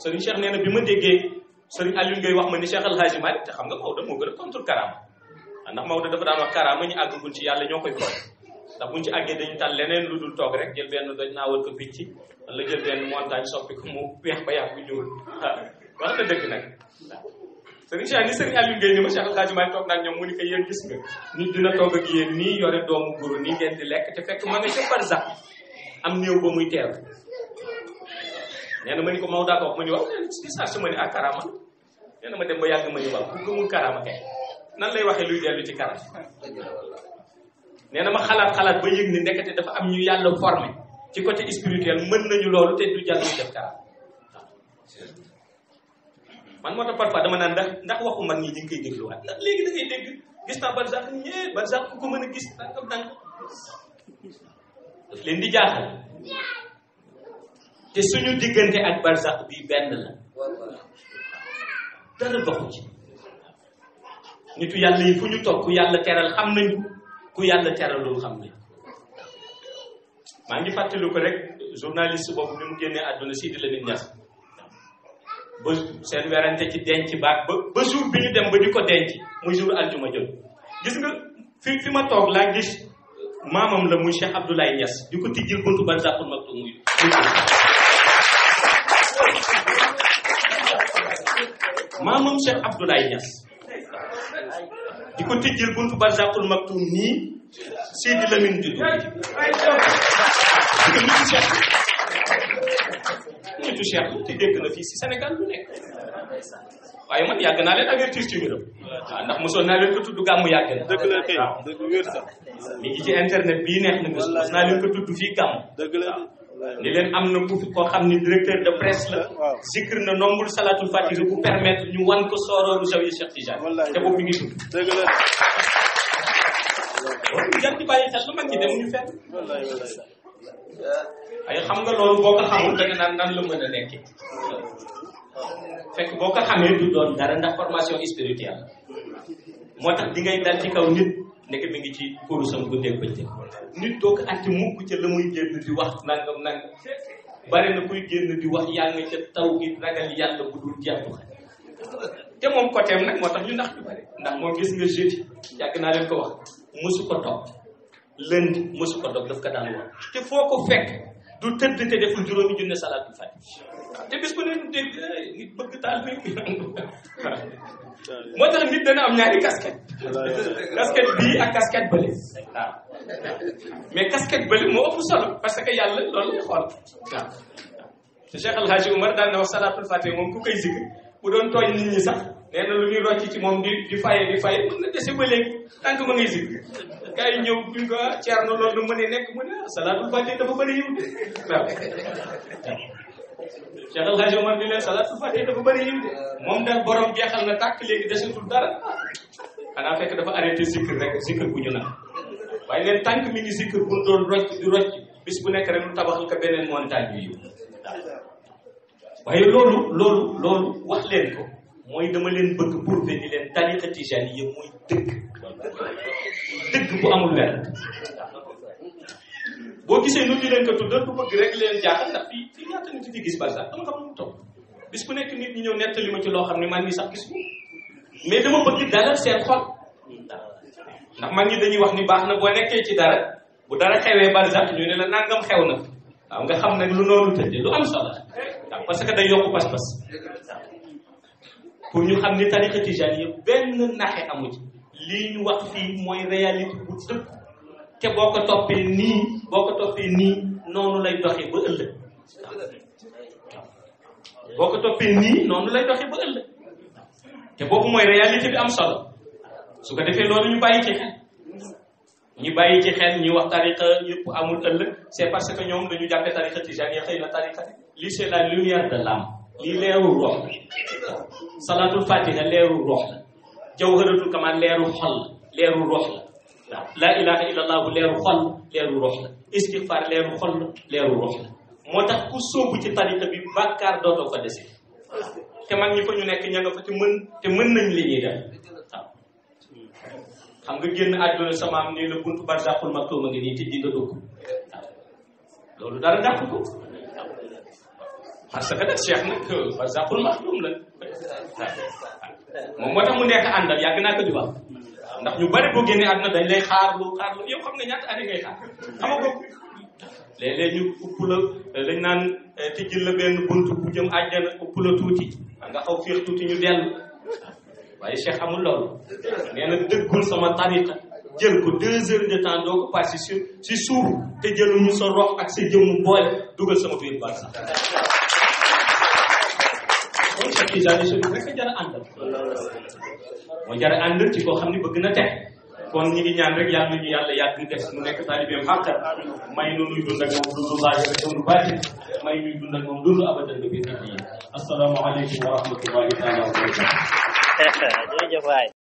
sëriñ Cheikh nee na bi ma déggee sëriñ Aliou ngay wax ma ni Cheikh El Hadji Malick te xam nga Maodo moo gën a contre karama ndax Maodo dafa daan wax karama ñu àggagul ci yàlla ñoo koy tooñ buñ ci àggee dañu tal leneen lu dul toog rek jël benn doj naawal ko picc wala jël benn montagne soppi ko mu weex ba yàgg bu ñuul ah, wax na dëgg nag waaw sëriñ Cheikh ni sëriñ Aliou ni ma Cheikh El Hadji Malick toog naa ñoom mu ni ko yéen gis nga nit dina toog ak yéen nii yore doomu guru nii ngeen di lekk te fekk ma nga ca barsax am néew ba muy teew nee na ma ni ko Maodo daa ko wax ma ni waaw gis naa su ma ni ah karama nee ma dem ba yàgg ma ni waaw ku gëmul karama kay nan lay waxee luy dellu ci karama nee na ma xalaat xalaat ba yëg ni nekkate dafa am ñu yàlla formé ci côté spirituel mën nañu loolu te du jàll ñu def karama man moo tax parfois dama naan ndax ndax waxu mag ñi ñu ngi koy dégluwaat ndax léegi da dégg gis naa barzak ñee barzak ku ko mën a gis nangam nangam daf leen di jaaxal te suñu diggante ak barsax bi benn la dara doxu ci nitu yàlla yi fu ñu toog ku yàlla teral xam nañu ku yàlla teralul xam nañu maa ngi fàttaliku ko rek journaliste boobu bi mu génnee àdduna Sidi Lamine Niass ba seen werante ci denc baag ba ba jour bi ñu dem ba di ko denc muy jour aljuma jot gis nga fi fi ma toog laa gis maamam la muy Cheikh Abdoulaye Niass di ko tijjil buntu Barzakhul Maktoum muy maamam Cheikh Abdoulaye Niass di ko tijjil buntu barzaqul maktum nii Sidi Lamine juddu di ko nitu Cheikh nitu Cheikh te dégg na fii si Sénégal lu nekk waaye man yàgg naa leen avertir ci mbiram waaw ndax mosoon naa leen ko tudd gàmmu yàgg na dëgg la mi ngi internet bii neex na mos naa leen ko tudd fii gàmmu dëgg la ni leen am na ku fi koo xam ni directeur de presse la. zikr na nombul salatul fatiha bu permettre ñu wan ko soorooru Zawiya Cheikh Tidiane. te boobu mi ngi jar di bàyyi xel lu mag ñi demuñu fenn. ay xam nga loolu boo ko xamul da nga naan nan la a nekkee. fekk boo ko xamee du doon dara ndax formation spirituelle moo tax di dal ci kaw nit. nekk mi ngi ci kurusam guddeeg bëccëg nit doo ko àtte mukk ca la muy génn di wax nangam nangam bare na kuy génn di wax yaa nga ca taw gi ragal yàlla bu dul jeexu te moom côté am nag moo tax ñu ndax ñu bare ndax moom gis nga jeudi yàgg naa leen ko wax mosu ko toog lënd mosu ko daf ko daan wax te foo ko fekk du tëdd te deful juróomi junne salaatul fatiha te bis bu bëgg taal bi moo tax nit dana am ñaari casquette casquette bii ak casquette bële mais casquette bële moo ëpp solo parce que yàlla loolu lay xool waaw te Cheikh Alhaji Oumar daan na wax salaatul fatiha moom ku koy zikr bu doon tooñ nit ñi sax nee na lu ñuy rocc ci moom di di faye di faye mën na dese ba léegi tànk ma ngay zikr gars yi ñëw duñ cer ceerno ah, loolu du mënee nekk mu ne ah, salaatul fatiha dafa bëri yiw de waaw Cheikh El Hadj Omar ni leen salaatul fatiha dafa bëri yiw de moom daal borom jeexal na tàkk léegi desetul dara xanaa fekk dafa arrêté zikr rek zikr bu ñu naan waaye leen tànk mi ngi zikr bu rocc di rocc bis bu nekk rek lu tabaxal ko beneen montagne bi yiw waaye loolu loolu loolu wax leen ko mooy dama leen bëgg pour ne ni leen tariqa tijaaniyya mooy dëgg dëgg bu amul weer boo gisee nu ñu leen ko tuddal bu bëgg rek leen jaaxal ndax fii fii ñaata nit di nekk nit ñi ñëw nettali ma ci loo xam ne man mii sax gis mais dama bëgg dalal seen xol ndax man ñi dañuy wax ni baax na boo nekkee ci dara bu dara xewee barsax ñu ne la nangam xew na waaw nga xam nag lu noonu tëddee lu am solo ndax parce que day yokk pas-pas pour ñu xam ni tariqa tijaan yëpp benn naxe amu ci lii ñu wax fii mooy réalité bu dëpp te boo ko toppee nii noonu lay doxee ba ëllëg boo ko toppee nii noonu lay doxee ba ëllëg te boobu mooy réalité bi am solo su ko defee loolu ñu bàyyi ci ñi bàyyi ci xel ñi wax tariqa yëpp amul ëllëg c'est parce que ñoom dañu jàppe tariqa tijaniya xëy na tariqa lii c'est la lumière de l'âme lii leeru rox salatul fatiha leeru rox la jawharatul kamal leeru leeru rox la waaw laa ilaha illallah leeru rox la istighfar leeru rox la moo tax ku sóobu ci tariqa bi bàkkaar dootoo fa dese te mag ñi fa ñu nekk ña fa te mën te mën nañ li ñuy def xam nga génn àdduna samaam nii la buntu barzaqul maktuum a ngi nii tijji nga dugg loolu dara dàq ko parce que nag cheikh nag euh, barzaqul maktuum la moom moo tax mu nekk àndal yàgg naa ko di ndax ñu bari boo génnee àdduna dañ lay xaarlu xaarlu yow xam nga ñaata année ngay xaar xam nga ko léeg-léeg ñu upp la euh, dañ naan euh, tijjil la benn buntu bu jëm àjjana upp la tuuti nga xaw féex tuuti ñu dellu waaye cheikh amul loolu nee sama tariqa jël ko deux heures de temps doo ko passé si si te jëluñu sa rox ak sa boole dugal sama biir bar sax a jar a àndal moo jar a ci koo xam ne bëgg na tex kon ñi ñaan rek yàlla ñu yàlla yàgg def mu nekk taalibeem xàqal may nu nuy moom dundu laaj ak dundu bàyyi may nuy dund ak moom dundu abadan bi Yo, yo,